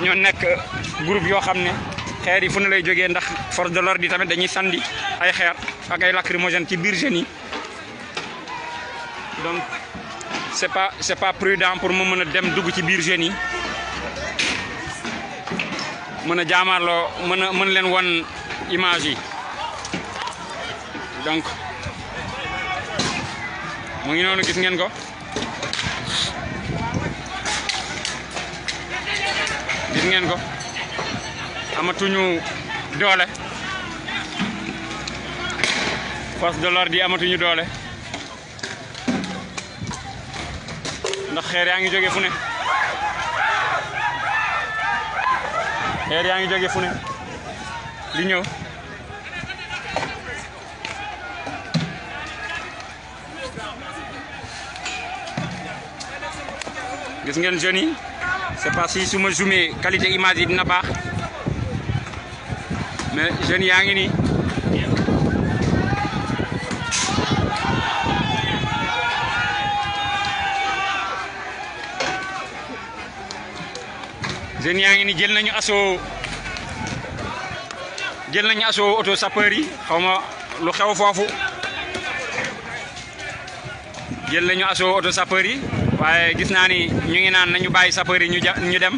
dañoo nekk groupe yoo xam ne xeer yi fu ne lay jógee ndax force de l'ordre yi tamit dañuy sandi ay xeer ak ay lacrymogène ci biir jeunes yi donc c'est pas c'est pas prudent pour mu mën a dem dugg ci biir yi mën a jaamaarloo mën a mën leen won image yi donc mu ngi noonu gis ngeen ko gis ngeen ko amatuñu doole force de amatuñu doole ndax xeer yaa ngi jóge fune ne xeer yaa ngi jóge fune ne ñëw gis ngeen jeunes yi c'est parce que suma ma zoomé qualité image yi dina baax mais jeunes yaa ngi nii jeunes yaa ngi ni jël nañu asoo jël nañu asoo auto sapeur yi xaw ma lu xew foofu jël nañu asoo auto sapeur waaye gis naa ni ñu ngi naan nañu bàyyi sapeur yi ñu ñu dem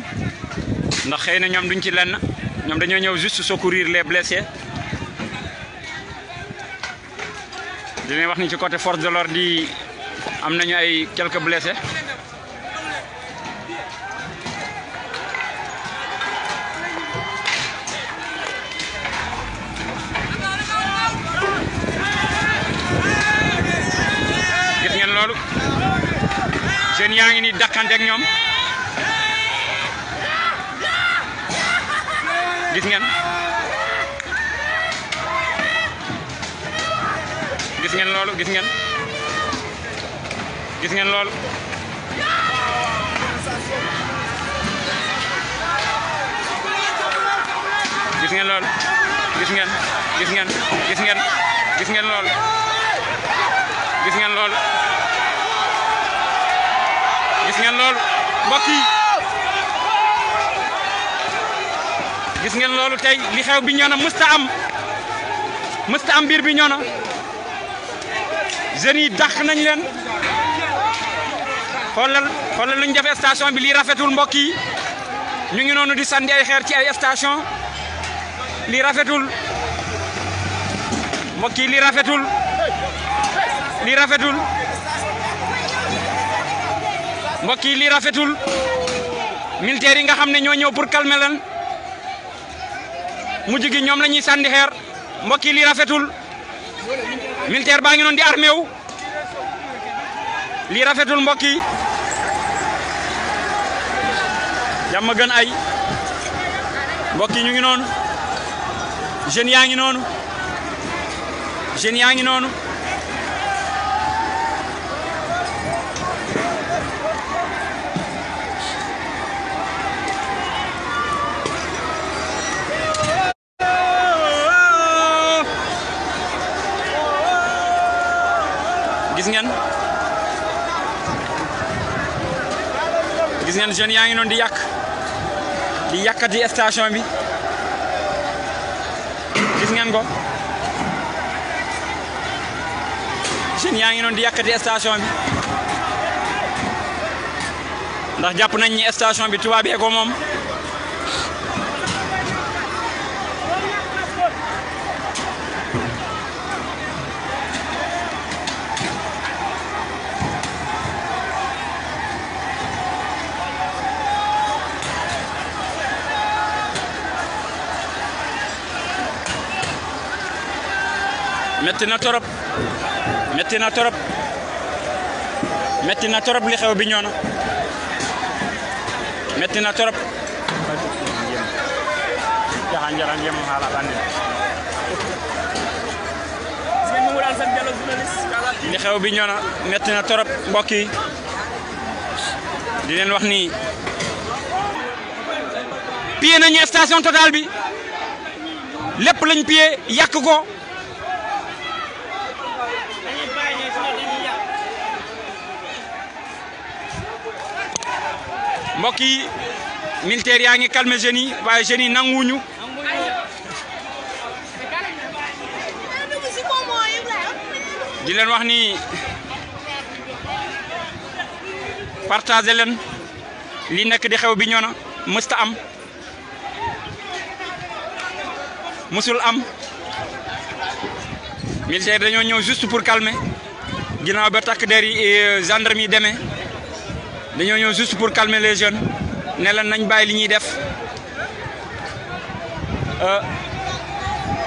ndax xëy na ñoom duñ ci lenn ñoom dañoo ñëw juste secourir les blessés dinañ wax ni ci côté force de l'ordre di am nañu ay quelques blessés jigéen yaa ngi ni dàqante ñoom gis ngeen gis ngeen loolu gis ngeen gis ngeen loolu gis ngeen loolu gis ngeen gis ngeen ngeen gis ngeen loolu gis ngeen loolu gis ngeen loolu mbokk yi gis ngeen loolu tey li xew bi ñoo na mësta am mësta am mbir bi ñoo na jeunes yi dàq nañ leen xoolal xoolal lu ñu def station bi lii rafetul mbokk yi ñu ngi noonu di sandi ay xeer ci ay station lii rafetul mbokk yi lii rafetul lii rafetul mbokk yi lii rafetul militaires yi nga xam ne ñoo ñëw pour calmer leen gi ñoom la ñuy sànni xeer mbokk yi lii rafetul militaire baa ngi noonu di armé wu lii rafetul mbokk yi jàmm gën ay mbokk yi ñu ngi noon jeunes yaa ngi noonu jeunes yaa ngi noonu. gis ngeen gis ngeen jeunes yaa ngi noonu di yàq di yàqati station bi gis ngeen ko jeunes yaa ngi noonu di yàqati station bi ndax jàpp nañ ni station bi tubaabee ko moom metti na torop metti na torop metti na torop li xew bi ñoo metti na torop li xew bi ñoo na metti na torop mbokk yi di wax ni piyé nañu station Total bi lépp lañ piyé yàq ko mbokk yi militaire yaa ngi calmer jeunes waaye jeunes yi nanguwuñu di leen wax ni partage leen li nekk di xew bi ñoo na mësta am mësul am militaire dañoo ñëw juste pour calmer ginnaaw ba takk der yi euh, gendarme yi demee dañoo ñëw juste pour calmer les jeunes ne nañ bàyyi li ñuy def euh,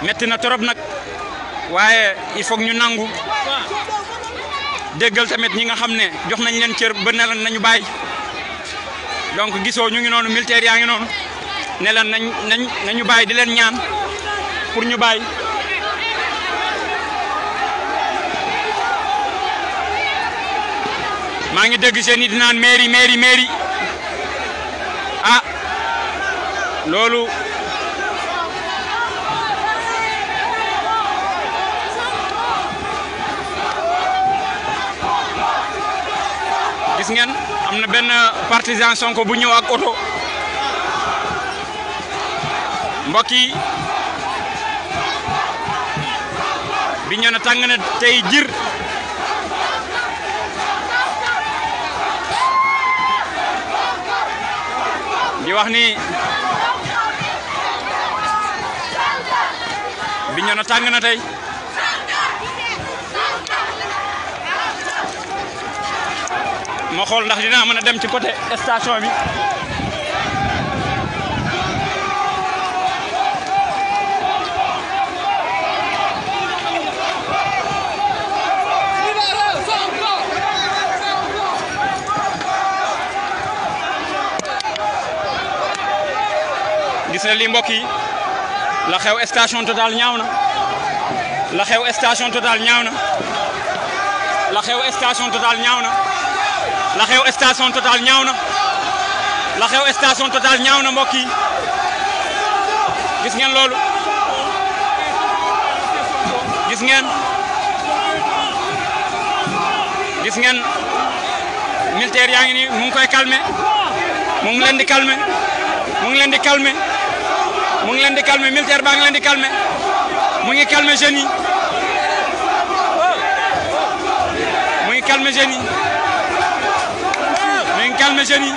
metti na torop nag waaye il faut ñu nangu déggal tamit ñi nga xam ne jox nañ leen cër ba ne leen nañu bàyyi donc gisoo ñu ngi noonu militaire yaa ngi noonu ne leen nañ nañ nañu bàyyi di leen ñaan pour ñu bàyyi. maa ngi dégg seen i dinaan mairie mairie mairie ah loolu gis ngeen am na benn partisan Sonko bu ñëw oto mbokk yi ñu na tàng na tey jir di wax ni bi ñoo na tàng na tey ma xool ndax dinaa mën a dem ci côté station bi li mbokk yi la xew station Total ñaaw na la xew station Total ñaaw na la xew Total ñaaw na la xew station Total ñaaw na la xew station Total ñaaw na mbokk yi gis ngeen loolu gis ngeen gis ngeen militaire yaa ngi mu ngi koy calmer mu ngi leen di calmer mu mu ngi leen di calmer militaire baa ngi leen di calmer mu ngi calmer jeunes yi mu ngi calmer jeunes yi mu ngi calmer jeunes yi.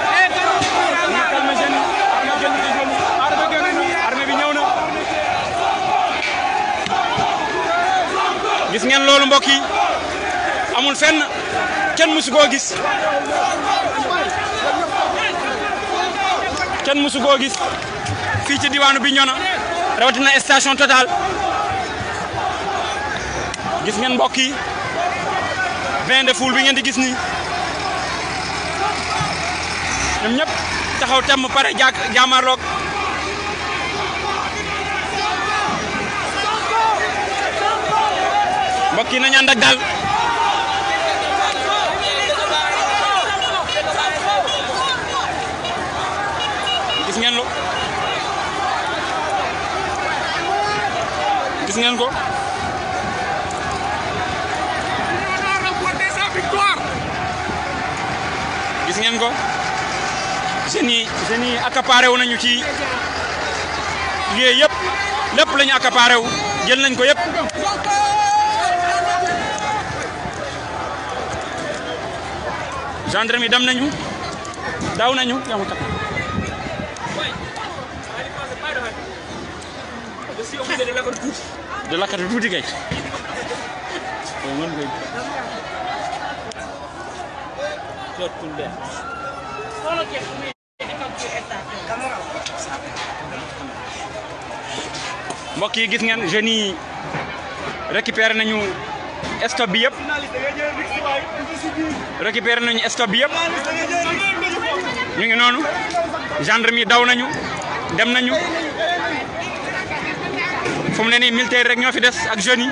gis ngeen loolu mbokk yi amul fenn kenn mësu koo gis kenn mësu koo gis fii diwaanu Bignona rawatina station Total gis ngeen mbokk yi bain de foule bi ngeen di gis nii ñoom ñëpp taxaw temm pare jàkk jaamarloog mbokk yi nañu ànd gis ngeen ko. gis ngeen ko jeunes yi wu nañu ci lieu yëpp lépp la ñu accaparé wu jël nañ ko yëpp. gendarme yi dem nañu daw nañu yamu di lakkati tuuti kay mën nga jot tunde yi gis ngeen jeunes yi récupéré nañu stock bi yëpp récupéré nañu stock bi yëpp ñu ngi noonu gendarme yi daw nañu dem nañu fu mu ne nii militaire rek ñoo fi des ak jeunes yi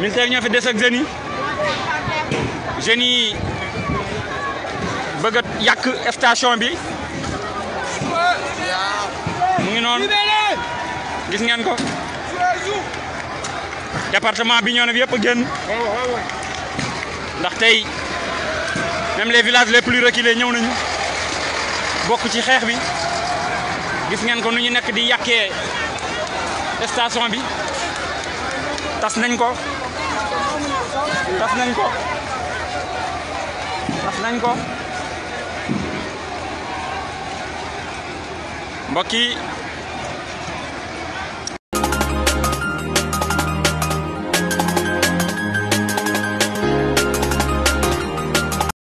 militaire ñoo fi des ak jeunes jeunes yi bëgg a station bi mu ngi noonu gis ngeen ko département bi ñoo ne yëpp a génn ndax tey même les villages les plus reculés ñëw nañu bokk ci xeex bi gis ngeen ko nu ñu nekk di yàqee station bi tas nañ ko tas nañ ko tas nañ ko mbokk yi